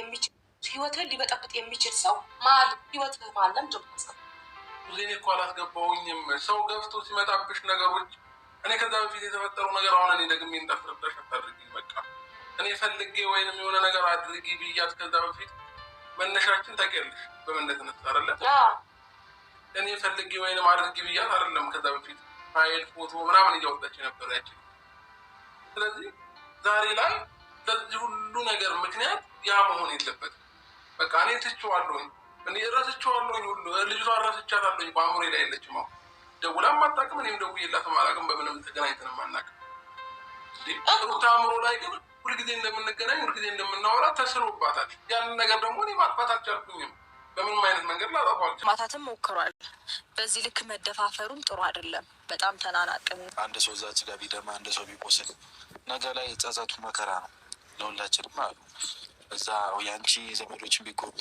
የሚችል ህይወትን ሊበጠብጥ የሚችል ሰው ማል ህይወት ማለም ጆብሰብሌኔ እኮ አላስገባውኝም። ሰው ገብቶ ሲመጣብሽ ነገሮች እኔ ከዛ በፊት የተፈጠረው ነገር አሁን እኔ ደግሜ እንዳስረዳሽ አታድርጊኝ። በቃ እኔ ፈልጌ ወይንም የሆነ ነገር አድርጊ ብያት ከዛ በፊት መነሻችን ታውቂያለሽ በምን እንደተነሳ እኔ ፈልጌ ወይንም አድርጊ ብያት አይደለም። ከዛ በፊት ፋይል ፎቶ ምናምን እያወጣች ነበር ያችን። ስለዚህ ዛሬ ላይ ለዚህ ሁሉ ነገር ምክንያት ያ መሆን የለበትም። በቃ እኔ ትችዋለሁኝ፣ እኔ እረስችዋለሁኝ፣ ሁሉ ልጅቷ እረስቻታለሁኝ። በአእምሮዬ ላይ የለችም። አሁን ደውላም አታውቅም፣ እኔም ደውዬላትም አላውቅም። በምንም ተገናኝተንም አናውቅም። ሩታ አእምሮ ላይ ግን ሁልጊዜ እንደምንገናኝ ሁልጊዜ እንደምናወራ ተስሎባታል። ያንን ነገር ደግሞ እኔ ማጥፋት አልቻልኩኝም። በምንም አይነት መንገድ ላጠፋቸው ማታትም ሞክሯል። በዚህ ልክ መደፋፈሩም ጥሩ አይደለም። በጣም ተናናቅም። አንድ ሰው እዛች ጋር ቢደማ አንድ ሰው ቢቆስል ነገ ላይ ጸጸቱ መከራ ነው። ለሁላችንም አሉ። እዛ የአንቺ ዘመዶችን ቢጎዱ፣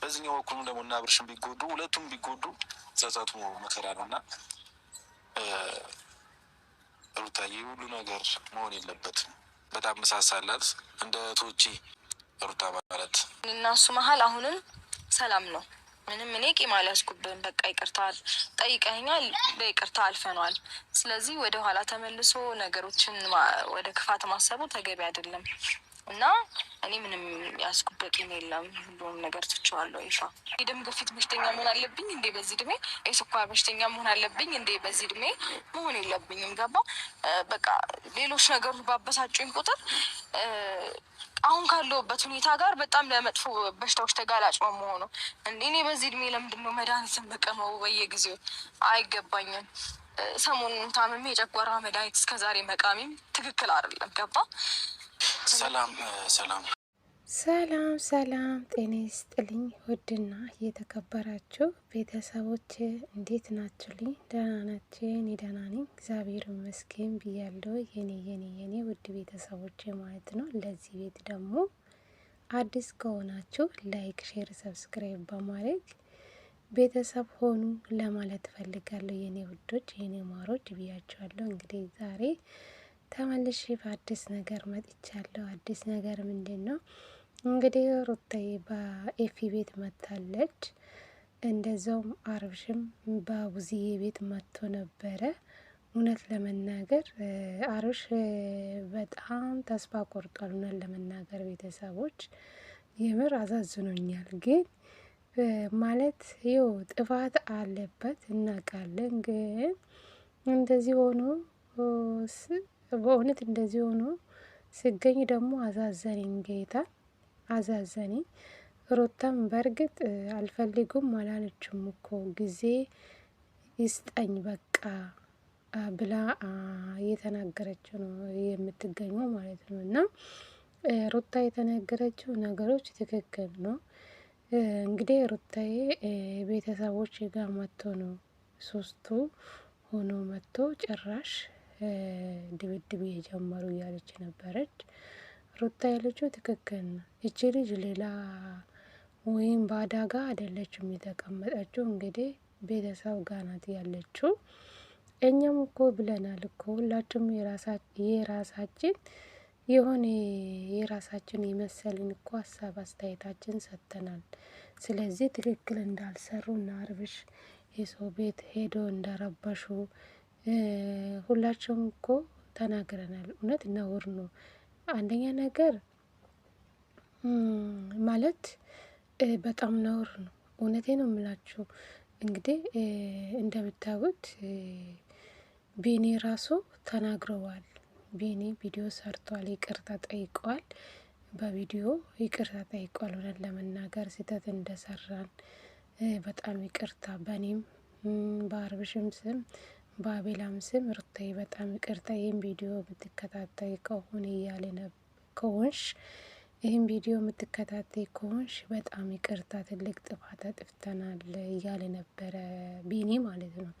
በዚህኛው በኩል ደግሞ እና አብርሽን ቢጎዱ፣ ሁለቱም ቢጎዱ ጸጸቱ መከራ ነው እና ሩታዬ ሁሉ ነገር መሆን የለበትም። በጣም መሳሳላት እንደ ቶቺ ሩታ ማለት እናሱ መሀል አሁንም ሰላም ነው። ምንም እኔ ቂም አልያዝኩብን። በቃ ይቅርታል ጠይቀኛል፣ በይቅርታ አልፈኗል። ስለዚህ ወደኋላ ተመልሶ ነገሮችን ወደ ክፋት ማሰቡ ተገቢ አይደለም። እና እኔ ምንም ያስጉበቅ የለም። ሁሉም ነገር ትችዋለሁ። ይፋ የደም ግፊት በሽተኛ መሆን አለብኝ እንዴ በዚህ እድሜ? የስኳር በሽተኛ መሆን አለብኝ እንዴ በዚህ እድሜ? መሆን የለብኝም። ገባ በቃ ሌሎች ነገሮች ባበሳጩኝ ቁጥር አሁን ካለሁበት ሁኔታ ጋር በጣም ለመጥፎ በሽታዎች ተጋላጭ መሆኑ እኔ በዚህ እድሜ ለምንድነው መድኃኒትን መቀመው በየጊዜው አይገባኝም። ሰሞኑን ታምሜ የጨጓራ መድኃኒት እስከዛሬ መቃሚም ትክክል አይደለም። ገባ ሰላም ሰላም ሰላም ሰላም፣ ጤና ይስጥልኝ ውድና የተከበራችሁ ቤተሰቦች እንዴት ናችሁልኝ? ደህና ናችሁ? እኔ ደህና ነኝ እግዚአብሔር ይመስገን ብያለሁ። የኔ የኔ የኔ ውድ ቤተሰቦች ማለት ነው። ለዚህ ቤት ደግሞ አዲስ ከሆናችሁ ላይክ፣ ሼር፣ ሰብስክራይብ በማድረግ ቤተሰብ ሆኑ ለማለት ፈልጋለሁ። የኔ ውዶች የኔ ማሮች ብያችኋለሁ። እንግዲህ ዛሬ ተመልሽ በአዲስ ነገር መጥቻለሁ። አዲስ ነገር ምንድን ነው እንግዲህ ሩታዬ በኤፊ ቤት መታለች። እንደዛውም አርብሽም በቡዝዬ ቤት መጥቶ ነበረ። እውነት ለመናገር አርብሽ በጣም ተስፋ ቆርጧል። እውነት ለመናገር ቤተሰቦች የምር አዛዝኖኛል። ግን ማለት ይው ጥፋት አለበት እናውቃለን። ግን እንደዚህ ሆኖ በእውነት እንደዚህ ሆኖ ስገኝ ደግሞ አዛዘኝ፣ ጌታ አዛዘኝ። ሩታም በእርግጥ አልፈልጉም አላለችም እኮ ጊዜ ይስጠኝ በቃ ብላ እየተናገረችው ነው የምትገኘው ማለት ነው። እና ሩታ የተናገረችው ነገሮች ትክክል ነው። እንግዲህ ሩታዬ ቤተሰቦች ጋር መጥቶ ነው ሶስቱ ሆኖ መጥቶ ጭራሽ ድብድብ የጀመሩ እያለች ነበረች። ሩታ ያለችው ትክክል ነው። እቺ ልጅ ሌላ ወይም በአዳጋ አይደለችም የተቀመጠችው፣ እንግዲህ ቤተሰብ ጋር ናት ያለችው። እኛም እኮ ብለናል እኮ ሁላችሁም የራሳችን የሆነ የራሳችን የመሰልን እኮ ሀሳብ አስተያየታችን ሰጥተናል። ስለዚህ ትክክል እንዳልሰሩ እና አርብሽ የሰው ቤት ሄዶ እንደረበሹ ሁላቸውም እኮ ተናግረናል። እውነት ነውር ነው። አንደኛ ነገር ማለት በጣም ነውር ነው። እውነቴ ነው የምላችሁ። እንግዲህ እንደምታዩት ቢኒ ራሱ ተናግረዋል። ቢኒ ቪዲዮ ሰርቷል፣ ይቅርታ ጠይቀዋል። በቪዲዮ ይቅርታ ጠይቀዋል። እውነት ለመናገር ስህተት እንደሰራን በጣም ይቅርታ በእኔም በአርብሽም ስም በአቤላም ስም ሩታዬ በጣም ይቅርታ ይህን ቪዲዮ የምትከታተይ ከሆን እያለ ከሆንሽ ይህን ቪዲዮ የምትከታተይ ከሆንሽ በጣም ይቅርታ ትልቅ ጥፋት አጥፍተናል እያለ ነበረ ቢኒ ማለት ነው።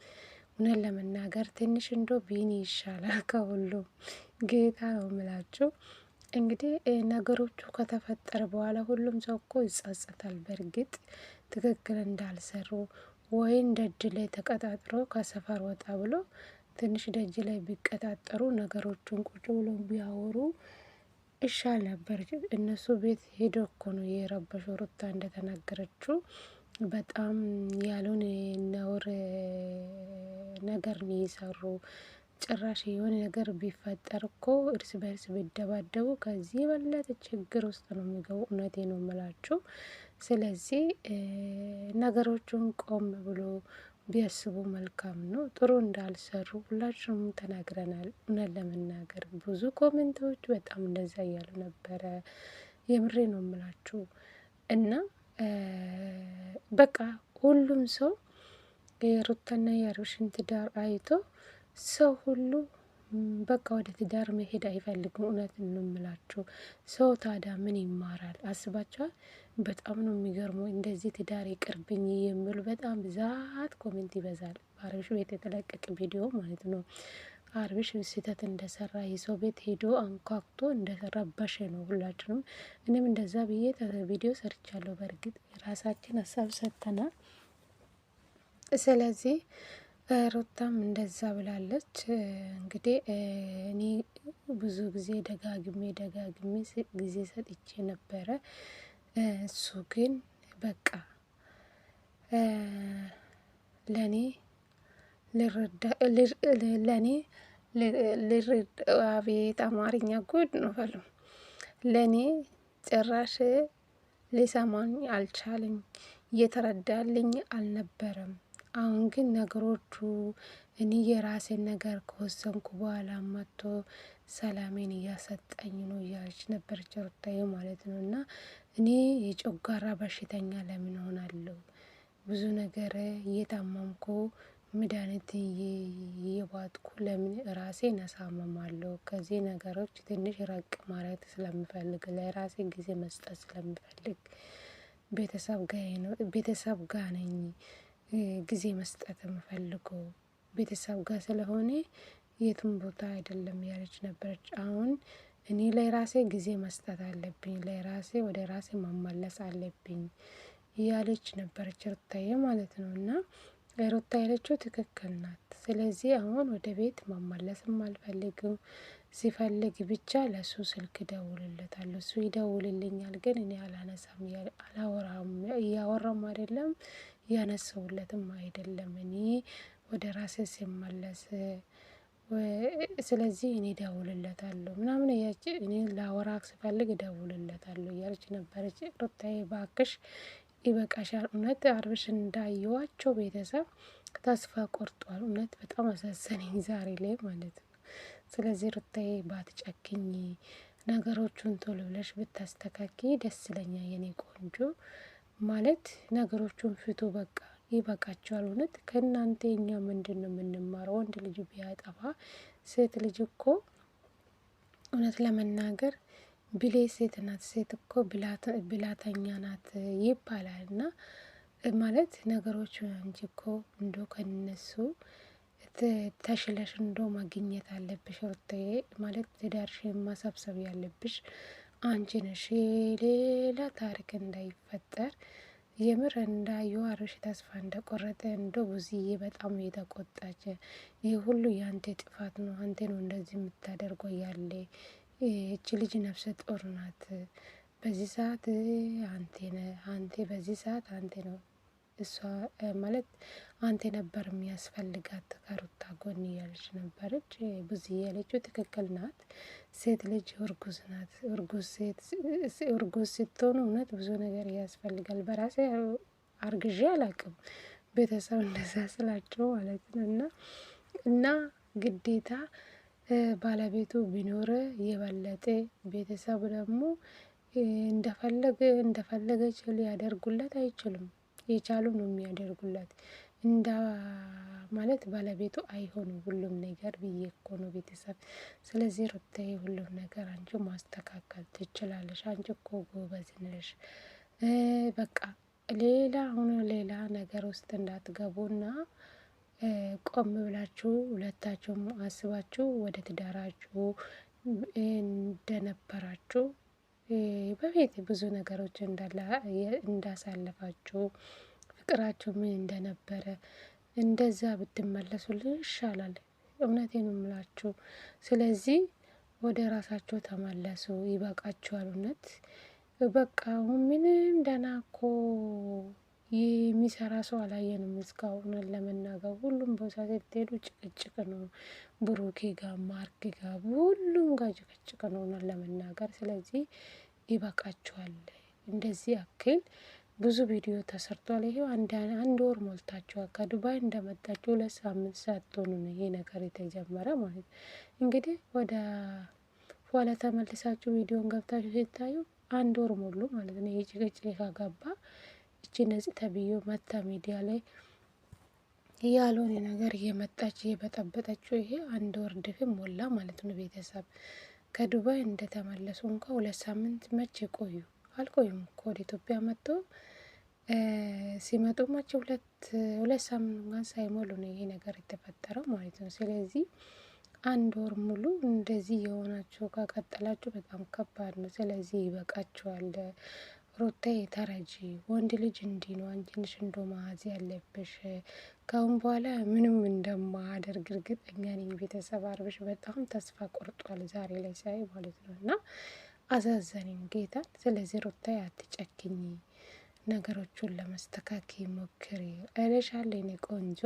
እውነት ለመናገር ትንሽ እንዶ ቢኒ ይሻላል ከሁሉ ጌታ ነው ምላችሁ። እንግዲህ ነገሮቹ ከተፈጠረ በኋላ ሁሉም ሰው እኮ ይጸጸታል። በእርግጥ ትክክል እንዳልሰሩ ወይን ደጅ ላይ ተቀጣጥሮ ከሰፈር ወጣ ብሎ ትንሽ ደጅ ላይ ቢቀጣጠሩ ነገሮቹን ቁጭ ብሎ ቢያወሩ ይሻል ነበር። እነሱ ቤት ሄዶ እኮ ነው የረበሸው። ሩታ እንደተናገረችው በጣም ያሉን ነውር ነገር ነው የሰሩ። ጭራሽ የሆነ ነገር ቢፈጠር እኮ እርስ በርስ ቢደባደቡ ከዚህ የበለጠ ችግር ውስጥ ነው የሚገቡ። እውነቴ ነው የምላችሁ። ስለዚህ ነገሮቹን ቆም ብሎ ቢያስቡ መልካም ነው። ጥሩ እንዳልሰሩ ሁላችንም ተናግረናል። እውነት ለመናገር ብዙ ኮሜንቶች በጣም እንደዛ እያሉ ነበረ። የምሬ ነው የምላችሁ እና በቃ ሁሉም ሰው የሩታና የአብርሽን ትዳር አይቶ ሰው ሁሉ በቃ ወደ ትዳር መሄድ አይፈልጉም። እውነት እንምላችሁ ሰው ታዲያ ምን ይማራል? አስባችኋል? በጣም ነው የሚገርመው። እንደዚህ ትዳር ይቅርብኝ የሚሉ በጣም ብዛት ኮሜንት ይበዛል። በአብርሽ ቤት የተለቀቀ ቪዲዮ ማለት ነው። አብርሽ ስህተት እንደሰራ የሰው ቤት ሄዶ አንኳኩቶ እንደሰራ ነው ሁላችንም። እኔም እንደዛ ብዬ ቪዲዮ ሰርቻለሁ። በእርግጥ የራሳችን ሀሳብ ሰጥተናል። ስለዚህ ሩታም እንደዛ ብላለች። እንግዲህ እኔ ብዙ ጊዜ ደጋግሜ ደጋግሜ ጊዜ ሰጥቼ ነበረ። እሱ ግን በቃ ለእኔ ልርዳ አቤት አማርኛ ጉድ ነው በሉ። ለእኔ ጭራሽ ሊሰማኝ አልቻለኝ፣ እየተረዳልኝ አልነበረም። አሁን ግን ነገሮቹ እኔ የራሴን ነገር ከወሰንኩ በኋላ መጥቶ ሰላሜን እያሰጠኝ ነው እያለች ነበር ሩታዬ ማለት ነው። እና እኔ የጨጓራ በሽተኛ ለምን ሆናለሁ? ብዙ ነገር እየታመምኩ መድኃኒት እየባጥኩ ለምን ራሴ አሳመማለሁ? ከዚህ ነገሮች ትንሽ ረቅ ማለት ስለምፈልግ ለራሴ ጊዜ መስጠት ስለምፈልግ ቤተሰብ ጋ ነኝ ጊዜ መስጠት የምፈልጉ ቤተሰብ ጋር ስለሆነ የትም ቦታ አይደለም ያለች ነበረች። አሁን እኔ ለራሴ ጊዜ መስጠት አለብኝ ለራሴ ወደ ራሴ መመለስ አለብኝ እያለች ነበረች ሩታዬ ማለት ነው። እና ሩታ ያለችው ትክክል ናት። ስለዚህ አሁን ወደ ቤት መመለስም አልፈልግም። ሲፈልግ ብቻ ለሱ ስልክ እደውልለታለሁ እሱ ይደውልልኛል፣ ግን እኔ አላነሳም፣ አላወራም፣ እያወራም አይደለም ያነሰውለትም አይደለም እኔ ወደ ራሴ ስመለስ ስለዚህ እኔ እደውልለታለሁ ምናምን እያች እኔ ላወራ ስፈልግ እደውልለታለሁ እያለች ነበረች። ሩታዬ ባክሽ ይበቃሻል። እውነት አብርሽ እንዳየዋቸው ቤተሰብ ተስፋ ቆርጧል። እውነት በጣም አሳዘነኝ ዛሬ ላይ ማለት ነው። ስለዚህ ሩታዬ ባትጨክኝ ነገሮቹን ቶሎ ብለሽ ብታስተካኪ ደስ ይለኛል የኔ ቆንጆ። ማለት ነገሮቹን ፍቱ። በቃ ይበቃቸዋል። እውነት ከእናንተ እኛ ምንድን ነው የምንማረው? ወንድ ልጅ ቢያጠፋ ሴት ልጅ እኮ እውነት ለመናገር ብሌ ሴት ናት። ሴት እኮ ብላተኛ ናት ይባላል እና ማለት ነገሮች እንጂ እኮ እንዶ ከነሱ ተሽለሽ እንዶ ማግኘት አለብሽ ሩታዬ ማለት ትዳርሽ ማሰብሰብ ያለብሽ አንቺ ነሽ ሌላ ታሪክ እንዳይፈጠር የምር እንዳየው አርሽ ተስፋ እንደቆረጠ እንደ ቡዝዬ በጣም የተቆጣች ይህ ሁሉ የአንተ ጥፋት ነው፣ አንተ ነው እንደዚህ የምታደርገው ያለ እች ልጅ ነፍሰ ጡር ናት። በዚህ ሰዓት አንቴ በዚህ ሰዓት አንቴ ነው እሷ ማለት አንተ ነበር የሚያስፈልጋት ከሩታ ጎን እያለች ነበረች። ብዙ እያለችው ትክክል ናት። ሴት ልጅ እርጉዝ ናት። እርጉዝ ስትሆኑ እውነት ብዙ ነገር ያስፈልጋል። በራሴ አርግዤ አላቅም ቤተሰብ እንደዛ ስላቸው ማለት ነው እና እና ግዴታ ባለቤቱ ቢኖር የበለጠ ቤተሰብ ደግሞ እንደፈለገ እንደፈለገች ሊያደርጉለት አይችልም። የቻሉ ነው የሚያደርጉላት። እንዳ ማለት ባለቤቱ አይሆንም ሁሉም ነገር ብዬ እኮ ነው ቤተሰብ። ስለዚህ ሩታዬ ሁሉም ነገር አንቺ ማስተካከል ትችላለሽ። አንቺ እኮ ጎበዝ ነሽ። በቃ ሌላ ሆኖ ሌላ ነገር ውስጥ እንዳትገቡና ቆም ብላችሁ ሁለታችሁም አስባችሁ ወደ ትዳራችሁ እንደነበራችሁ በቤት ብዙ ነገሮች እንዳሳለፋችሁ ፍቅራችሁ ምን እንደነበረ እንደዛ ብትመለሱልን ይሻላል። እውነቴን ነው ስለዚህ ወደ ራሳቸው ተመለሱ ይበቃችኋል። እውነት በቃ አሁን ምንም ደህና እኮ ይህ የሚሰራ ሰው አላየንም እስካሁን ለመናገር ሁሉም ቦታ ስትሄዱ ጭቅጭቅ ነው። ብሩኬ ጋ ማርክ ጋ ሁሉም ጋ ጭቅጭቅ ነው ለመናገር ስለዚህ ይበቃችኋል። እንደዚህ አክል ብዙ ቪዲዮ ተሰርቷል። ይሄው አንድ ወር ሞልታችኋል። ከዱባይ እንደመጣችሁ ሁለት ሳምንት ሳትሆኑ ነው ይሄ ነገር የተጀመረ ማለት እንግዲህ ወደ ኋላ ተመልሳችሁ ቪዲዮን ገብታችሁ ሲታዩ አንድ ወር ሞሉ ማለት ነው። ይህ ጭቅጭቅ ከገባ እቺ ነፂ ተብዬው መታ ሚዲያ ላይ ያልሆነ ነገር እየመጣች እየበጠበጠችው ይሄ አንድ ወር ድፍን ሞላ ማለት ነው። ቤተሰብ ከዱባይ እንደተመለሱ እንኳ ሁለት ሳምንት መቼ ቆዩ? አልቆዩም እኮ ወደ ኢትዮጵያ መጥቶ ሲመጡ መቼ ሁለት ሁለት ሳምንት እንኳን ሳይሞሉ ነው ይሄ ነገር የተፈጠረው ማለት ነው። ስለዚህ አንድ ወር ሙሉ እንደዚህ የሆናችሁ ከቀጠላችሁ በጣም ከባድ ነው። ስለዚህ ይበቃችኋል። ሩታ ተረጂ ወንድ ልጅ እንዲ ነው፣ አንቺንሽ እንዶ መያዝ ያለብሽ ከአሁን በኋላ ምንም እንደማያደርግ እርግጠኛ ነኝ። ቤተሰብ አርብሽ በጣም ተስፋ ቆርጧል ዛሬ ላይ ሳይ ማለት ነው። እና አሳዘነኝ ጌታን። ስለዚህ ሩታ አትጨክኝ፣ ነገሮቹን ለመስተካከል ሞክሪ እልሻለሁ የኔ ቆንጆ።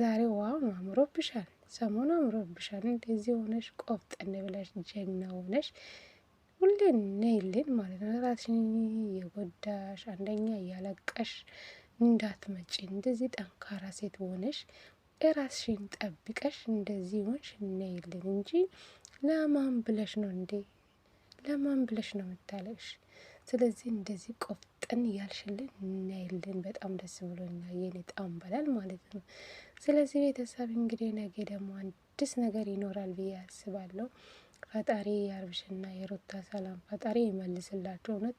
ዛሬ ዋው አምሮብሻል፣ ሰሞኑ አምሮብሻል። እንደዚህ ሆነሽ ቆፍጠን ብለሽ ጀግና ሆነሽ ሁሌ ነይልን ማለት ነው። ራስሽን የጎዳሽ አንደኛ እያለቀሽ እንዳትመጪ እንደዚህ ጠንካራ ሴት ሆነሽ ራስሽን ጠብቀሽ እንደዚህ ሆንሽ እናይልን እንጂ ለማን ብለሽ ነው እንዴ? ለማን ብለሽ ነው የምታለቅሽ? ስለዚህ እንደዚህ ቆፍጠን እያልሽልን እናይልን። በጣም ደስ ብሎኛል የኔ ጣም በላል ማለት ነው። ስለዚህ ቤተሰብ እንግዲህ ነገ ደግሞ አዲስ ነገር ይኖራል ብዬ አስባለሁ። ፈጣሪ የአብርሽና የሩታ ሰላም ፈጣሪ ይመልስላቸው። እውነት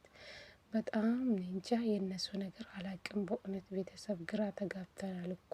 በጣም እንጃ የእነሱ ነገር አላቅም። በእውነት ቤተሰብ ግራ ተጋብተናል እኮ